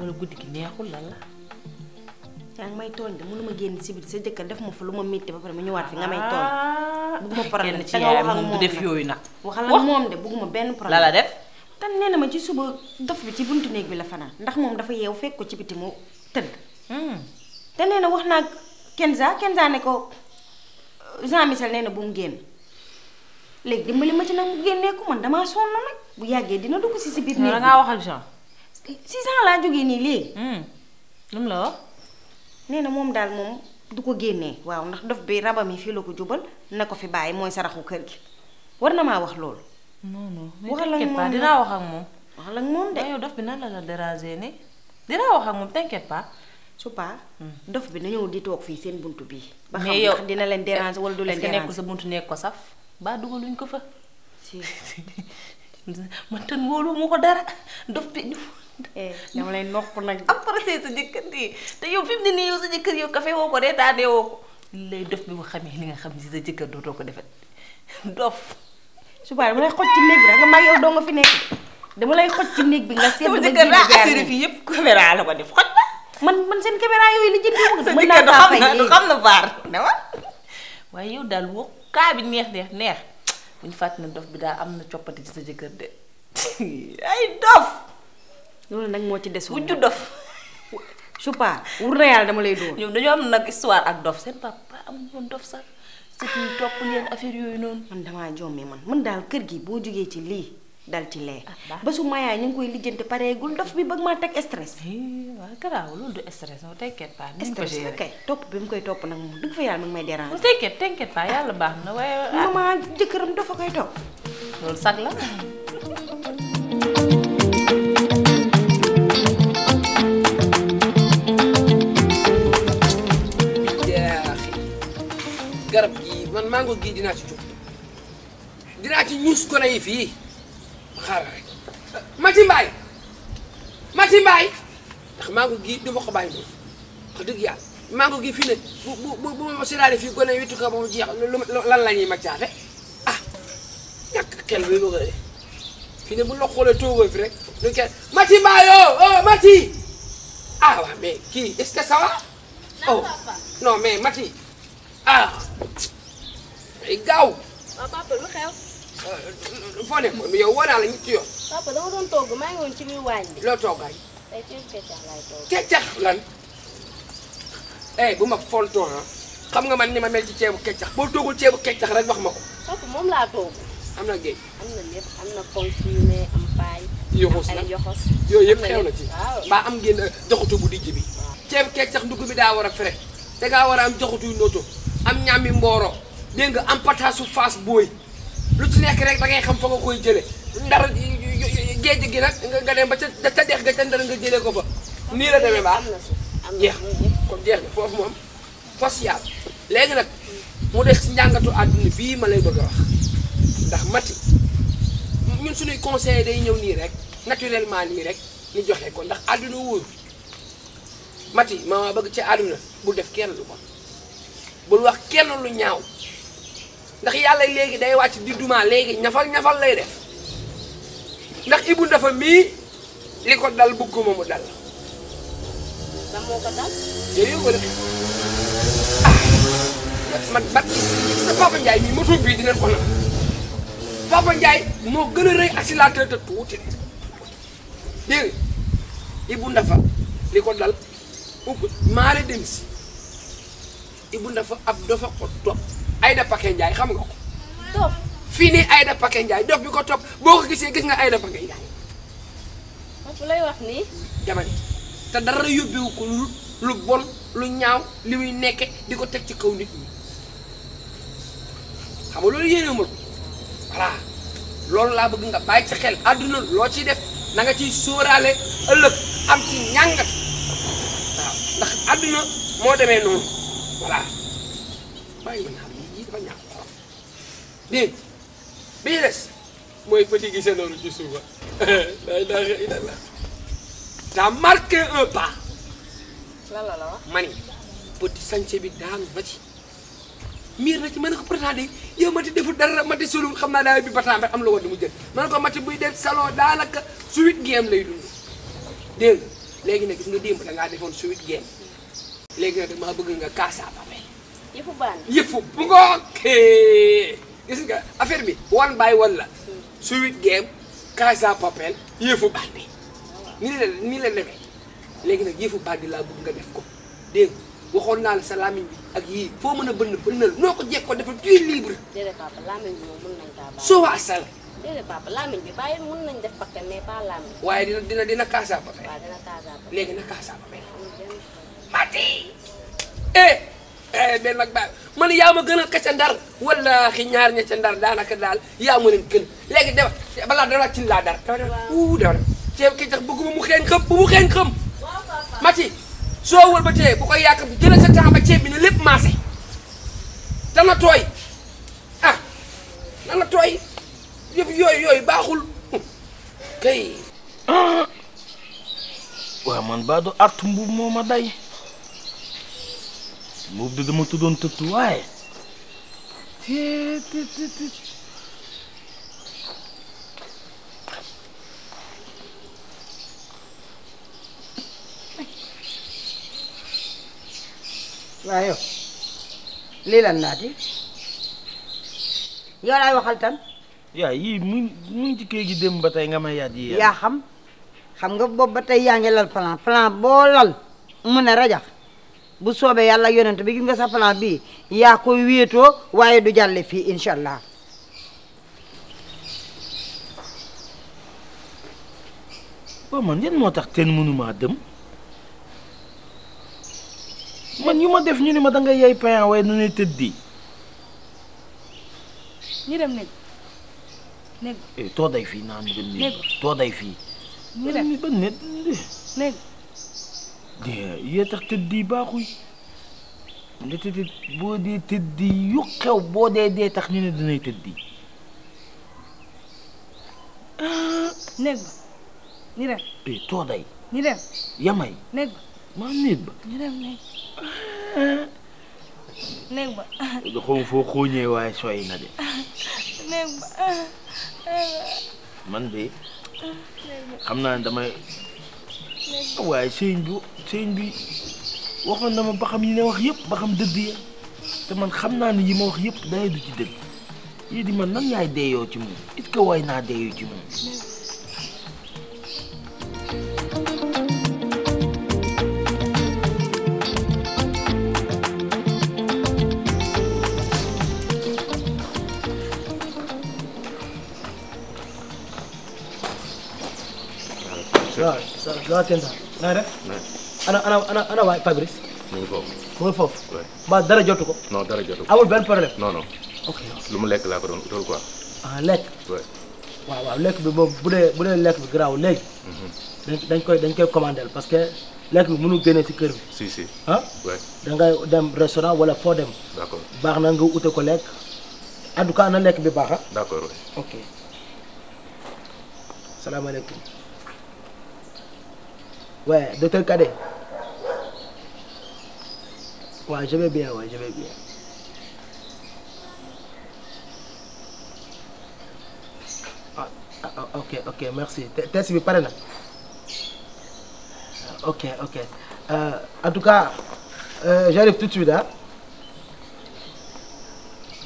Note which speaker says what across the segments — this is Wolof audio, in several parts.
Speaker 1: wala guddi ki neexul lan la. yaa ngi may tooñ de mënuma génn si biir sa jëkkër def ma fa lu ma mitti ba pare mu ñëwaat fi nga may tooñ. Ah. bugguma problème ci def yooyu nag. waxal ak moom de bugguma benn problème la la def. tam nee na ci suba dof bi ci buntu néeg bi la fanaan ndax moom dafa yeew fekk ko ci biti mu hmm. te nee wax naa Kenza Kenza ne ko Jean Michel na bu mu génn léegi dimbali ma ci nag mu génnee ko man bu yàggee dina dugg si si biir néeg bi. da ngaa wax ak Jean. sisa laa jógee nii li hmm mu la wax. nee na mom daal moom du ko génnee waaw ndax dof bi rabam yi fii la na ko fi baye moy saraxu keur gi war na ma wax lol non non mais t'inquiète mom dina wax ak mom wax la mom de yow daf bi nan la la déranger ni dina wax ak mom t'inquiète pas. su pa hmm. dof bi nañu di tok fi seen buntu bi ba xam ndax dina len déranger wala du len déranger nekkul sa buntu nekk ko saf. ba luñ ko fa. si man tan wolo moko dara dof bi. dama lay nopp nag. apprécier sa jëkkër di te yow fi ne nii yow sa jëkkër yow kafe woo ko reetaane woo ko li lay def bi nga xamee li nga xam si sa jëkkër dootoo ko defet dof. subaar dama lay xoj ci néeg bi nga mag yow doo nga fi nekk dama lay xoj ci néeg bi nga seetlu nga jiitu jaaree fii yëpp la ko def xoj man man seen caméra yooyu li jëndee woon. mën naa taa fay du xam na waaye yow daal woo kaa neex neex neex bu ñu fàttali bi daal am na coppati ci sa jëkkër de ay dof. loolu nag moo ci des. wujju dof. supa wu real dama lay dóor. ñoom dañoo am nag histoire ak dof seen papa am woon dof sax surtout ñu top ñeen affaire yooyu noonu. man dama jomme man man daal kër gi boo jógee ci lii dal ci lee. Ah, ba su mayaay ñu ngi koy lijjante gul dof bi bëgg maa teg stress. Eh, waaw garaaw loolu du stress non t'inquiète pas. stress la kay topp bi mu koy topp nag moom dëgg fa yàlla mi ngi may déranger. non t'inquiète t'inquiète pas yàlla baax na waaye. Ah. maman jëkkëram dofa koy topp. loolu sax la.
Speaker 2: mango gi dinaa ci jóg dinaa ci Mati Mbaay Mati Mbaay ndax mango gi du ma ko bàyyi moom wax dëgg yàlla mango gi fii nag bu bu bu ma séddaale fii gone wittu ko ba mu jeex lan la ñuy maccaate ah ñàkk xel bi bëgg a fii ne bu la xoolee fi rek lu kenn Mati Mbaay oo oh, oo oh, Mati ah waaw mais kii est-ce que ça va
Speaker 3: oh
Speaker 2: Mati ah. gaaw.
Speaker 1: waaw lu xew. yow woo naa la ñetti yoon.
Speaker 2: papa dama doon togg maa ngi woon ci biir waañ bi. loo toggaay. tey lan. eh bu ma fontoo xam nga man ni ma mel ci ceebu kecax boo toggul ceebu kecax rek wax ma ko. papa moom na géej. am na am na confirmé am paay. yoxos na yooyu yëpp xew na ci. mbaa am ngeen joxatu bu dijj bi. ceebu kecax ndugg bi daa war a fere. te gaa war a am joxatu nooto am ñaami mbooro. dégg nga am pataasu faas booy lu ci nekk rek ba ngay xam fa nga koy jële ndar géej gi nag nga dem ba ca ca dex ga ca ndar nga jëlee ko fa nii la demee ba am jeex kon jeex na foofu moom fos yàlla léegi nag mu def si njàngatu àdduna fii ma lay bëgg a wax ndax mati ñun suñuy conseil day ñëw nii rek naturellement nii rek ñu jox ko ndax àdduna wóor mati ma bëgg ci àdduna bul def kenn lu ko bul wax kenn lu ñaaw ndax yàlla léegi day wàcc di duma léegi ñafal ñafal lay def ndax Ibou Ndafa mii li ko dal bëgguma mu dal.
Speaker 3: lan moo ko dal. yooyu ah,
Speaker 2: ko moo gën a rëy accélérateur te tuuti dégg nga Ibou dem si Ibou Ndafa ab dafa ko topp. ay Paqué Ndiaye xam nga ko. dof fii nii ay Paqué Ndiaye dof bi ko topp boo ko gisee gis nga ay Paqué Ndiaye. bu lay wax nii. dama te dara yóbbewu ko lu bon lu ñaaw li muy nekke di ko teg ci kaw nit ñi xam nga loolu yéene loolu laa bëgg nga bàyyi ci xel àdduna loo ciy def na ci ciy sóoraale ëllëg am ci ñàngat waaw ndax àdduna moo demee noonu voilà dafa ñaaw dégg bii des mooy petit gisee noonu ci suuba la ilaha illallah daa marqué un pas la la la wax ma ni bi daanu ba ci na ci ma ko pourtant de mati deful dara mati solul xam naa bi bataan am la mu jël ko mati buy del salon lay dund gis nga da bëgg nga yëfu bande yëfu bu ngoog gis nga affaire bi one by one la suite game Casa Papel yëfu bande nii la nii la demee léegi nag yëfu bande laa bëgg nga def ko dégg waxoon naa la sa lamiñ bi ak yii foo mën a bënn bënnal noo ko jekk ko defal tuy libre.
Speaker 1: déedéet mën nañ kaa baax. soo waasal. déedéet papa bi bàyyi mën nañ def bakkan mais pas lamiñ.
Speaker 2: waaye dina dina dina Casa Papel. léegi na Casa Papel. mati eh! Eh, benn mag baax man yaa ma gënal ka ca ndar wallaahi ñaar ña ca ndar daanaka daal yaa ma leen gën léegi dama balaa dara cin laa dar uu dama ceeb ki tax bëgguma mu xeeñ xam mati soo wal ba tee bu koy yàq jëlal sa temps ba ceeb bi ne lépp maase dana tooy ah dana tooy yëpp yooyu baaxul kay
Speaker 3: waaw man baa du art mbuub moo day Move de muito de um tatuai. waaw lii lan naat yi yow laay waxal tan Ya yi mu mu ngi ci kër gi dem ba ya. ya, ya nga may yaat yi yaa xam xam nga boobu ba tey yaa lal plan plan boo lal mu ne rajax bu soobee yalla yonent bi gi nga sa plan bi ya ko wieto waye du jalle fi inshallah allah man ñen motax ten teen mënumaa dem man yu def ñu ni ma da nga yey payan way nu ne teddi
Speaker 1: ñi dem néeg néeg
Speaker 3: eh, to day fii naan dem néeg to day fi ñu dem ban néeg يا يا تختدي باخوي لا بودي تدي يوكا وبودي دي تخنين الدنيا تدي
Speaker 1: آه، نجبة نيرم ايه توضي نيرم يا ماي نجبة ما نجبة نيرم ماي نجبة دخون فو
Speaker 3: خوني واي شوي نادي
Speaker 1: نجبة
Speaker 3: من دي خمنا عندما waaye sëñ bi seen bi waxoon na ma ba xam yi ne wax yépp ba xam dëgg ya man xam naa ne yi ma wax yépp dara du ci dëgg yii di man nan yaay deeyoo ci moom est-ce waay naa deeyoo ci moom. waaw waaw Kenta na nga def. waay Fabrice. mu ngi foofu. foofu. mbaa dara jotu ko. non dara jotu ko amul benn problème. non ok lu mu lekk laa ko doon utal quoi. ah waaw waaw lekk bi moom bu dee bu dee lekk bi garaaw léegi. Mhm. dañ koy dañ koy commandé parce que lekk bi mënu génne si kër bi. si si ah. da ngay dem restaurant wala foo dem. baax na nga ute ko lekk en tout cas na lekk bi baax ah. d'accord ok. salaamaaleykum. Ouais, docteur Kadé. Ouais, je vais bien, ouais, je vais bien. Ah, ah, ah, ok, ok, merci. T'es bien par là Ok, ok. Euh, en tout cas, euh, j'arrive tout de suite. Hein?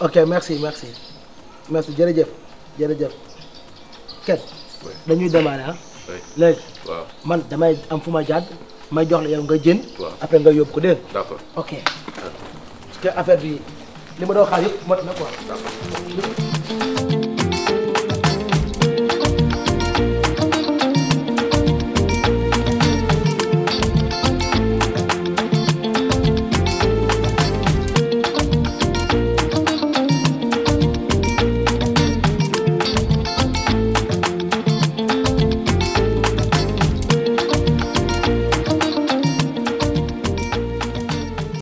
Speaker 3: Ok, merci, merci. Merci, Jeff. Jeff. Quel? Oui. Dañuy démarrer, hein? léegi man damay am fu ma may jox la yow nga jën après nga yob ko dégg d'accord ok
Speaker 2: parce
Speaker 3: que affaire bi li do doon xaar yëpp mot na quoi D'accord.